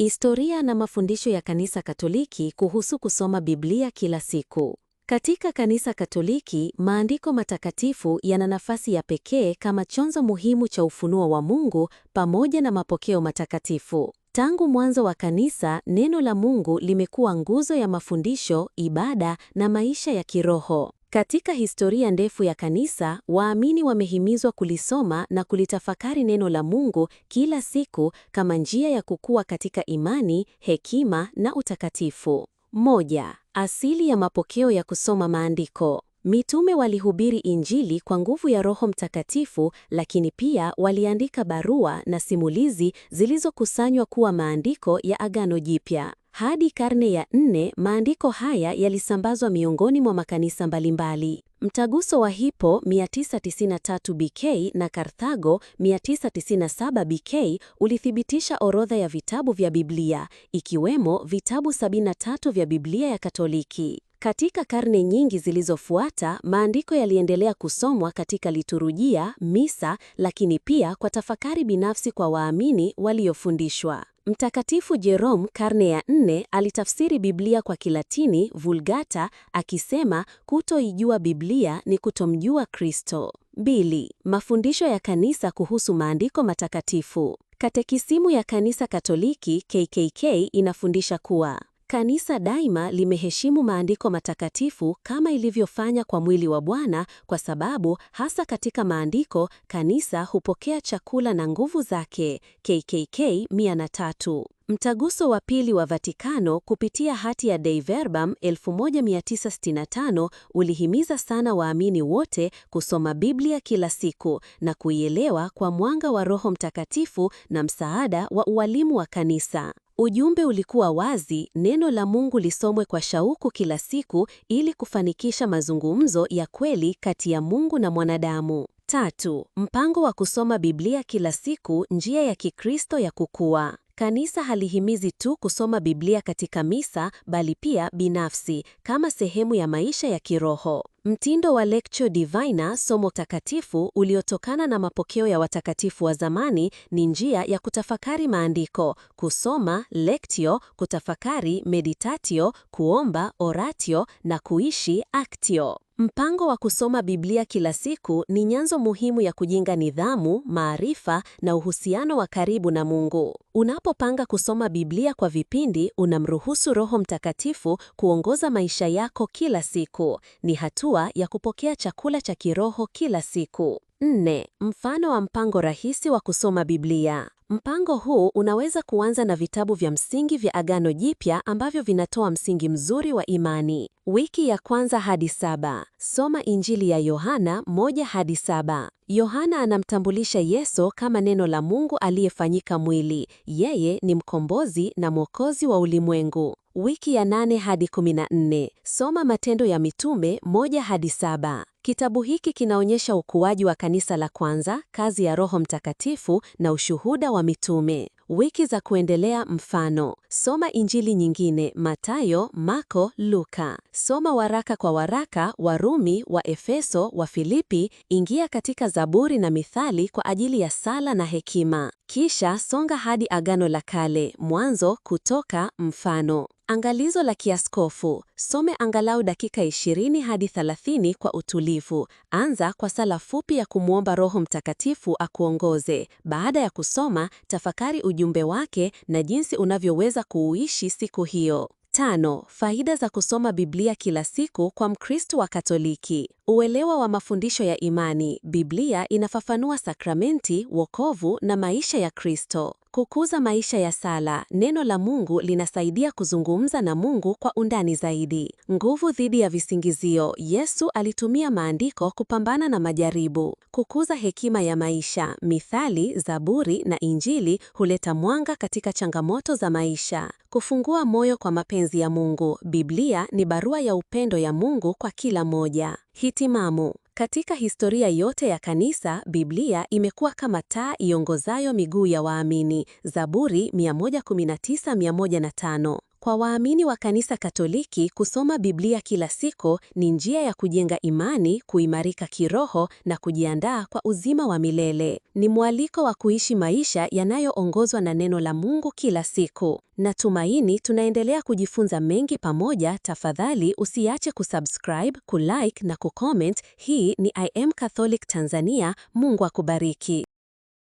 Historia na mafundisho ya Kanisa Katoliki kuhusu kusoma Biblia kila siku. Katika Kanisa Katoliki, maandiko matakatifu yana nafasi ya pekee kama chanzo muhimu cha ufunuo wa Mungu pamoja na mapokeo matakatifu. Tangu mwanzo wa kanisa, neno la Mungu limekuwa nguzo ya mafundisho, ibada na maisha ya kiroho. Katika historia ndefu ya kanisa, waamini wamehimizwa kulisoma na kulitafakari neno la Mungu kila siku kama njia ya kukua katika imani, hekima na utakatifu. Moja, asili ya mapokeo ya kusoma maandiko. Mitume walihubiri Injili kwa nguvu ya Roho Mtakatifu, lakini pia waliandika barua na simulizi zilizokusanywa kuwa maandiko ya Agano Jipya. Hadi karne ya nne, maandiko haya yalisambazwa miongoni mwa makanisa mbalimbali. Mtaguso wa Hippo 993 BK na Karthago 997 BK ulithibitisha orodha ya vitabu vya Biblia, ikiwemo vitabu 73 vya Biblia ya Katoliki. Katika karne nyingi zilizofuata, maandiko yaliendelea kusomwa katika liturujia, misa, lakini pia kwa tafakari binafsi kwa waamini waliofundishwa. Mtakatifu Jerome karne ya nne alitafsiri Biblia kwa Kilatini Vulgata akisema kutoijua Biblia ni kutomjua Kristo. Bili, mafundisho ya kanisa kuhusu maandiko matakatifu. Katekisimu ya Kanisa Katoliki KKK inafundisha kuwa Kanisa daima limeheshimu maandiko matakatifu kama ilivyofanya kwa mwili wa Bwana, kwa sababu hasa katika maandiko kanisa hupokea chakula na nguvu zake. KKK 103. Mtaguso wa Pili wa Vatikano kupitia hati ya Dei Verbum 1965 ulihimiza sana waamini wote kusoma Biblia kila siku na kuielewa kwa mwanga wa Roho Mtakatifu na msaada wa ualimu wa kanisa. Ujumbe ulikuwa wazi, neno la Mungu lisomwe kwa shauku kila siku ili kufanikisha mazungumzo ya kweli kati ya Mungu na mwanadamu. Tatu, mpango wa kusoma Biblia kila siku, njia ya Kikristo ya kukua. Kanisa halihimizi tu kusoma Biblia katika misa, bali pia binafsi, kama sehemu ya maisha ya kiroho. Mtindo wa Lectio Divina, somo takatifu, uliotokana na mapokeo ya watakatifu wa zamani, ni njia ya kutafakari maandiko: kusoma lectio, kutafakari meditatio, kuomba oratio na kuishi actio. Mpango wa kusoma Biblia kila siku ni nyanzo muhimu ya kujenga nidhamu, maarifa na uhusiano wa karibu na Mungu. Unapopanga kusoma Biblia kwa vipindi, unamruhusu Roho Mtakatifu kuongoza maisha yako kila siku. Ni hatua ya kupokea chakula cha kiroho kila siku. Nne, mfano wa mpango rahisi wa kusoma Biblia. Mpango huu unaweza kuanza na vitabu vya msingi vya Agano Jipya ambavyo vinatoa msingi mzuri wa imani. Wiki ya kwanza hadi saba. Soma Injili ya Yohana moja hadi saba. Yohana anamtambulisha Yesu kama neno la Mungu aliyefanyika mwili. Yeye ni mkombozi na mwokozi wa ulimwengu. Wiki ya nane hadi nne. Soma Matendo ya Mitume moja hadi saba. Kitabu hiki kinaonyesha ukuaji wa kanisa la kwanza, kazi ya Roho Mtakatifu na ushuhuda wa mitume. Wiki za kuendelea mfano. Soma Injili nyingine: matayo Marko, Luka. Soma waraka kwa waraka: Warumi, wa Efeso, wa Filipi. Ingia katika Zaburi na Mithali kwa ajili ya sala na hekima. Kisha songa hadi Agano la Kale: Mwanzo, Kutoka, Mfano. Angalizo la kiaskofu: some angalau dakika 20 hadi 30 kwa utulivu. Anza kwa sala fupi ya kumwomba Roho Mtakatifu akuongoze. Baada ya kusoma, tafakari ujumbe wake na jinsi unavyoweza kuuishi siku hiyo. Tano, faida za kusoma Biblia kila siku kwa Mkristo wa Katoliki. Uelewa wa mafundisho ya imani. Biblia inafafanua sakramenti, wokovu na maisha ya Kristo. Kukuza maisha ya sala. Neno la Mungu linasaidia kuzungumza na Mungu kwa undani zaidi. Nguvu dhidi ya visingizio. Yesu alitumia maandiko kupambana na majaribu. Kukuza hekima ya maisha. Mithali, Zaburi na Injili huleta mwanga katika changamoto za maisha. Kufungua moyo kwa mapenzi ya Mungu. Biblia ni barua ya upendo ya Mungu kwa kila moja. Hitimamu. Katika historia yote ya kanisa, Biblia imekuwa kama taa iongozayo miguu ya waamini. Zaburi 119:105. Kwa waamini wa Kanisa Katoliki, kusoma Biblia kila siku ni njia ya kujenga imani, kuimarika kiroho na kujiandaa kwa uzima wa milele. Ni mwaliko wa kuishi maisha yanayoongozwa na neno la Mungu kila siku. Natumaini tunaendelea kujifunza mengi pamoja. Tafadhali usiache kusubscribe, kulike na kucomment. Hii ni I Am Catholic Tanzania. Mungu akubariki.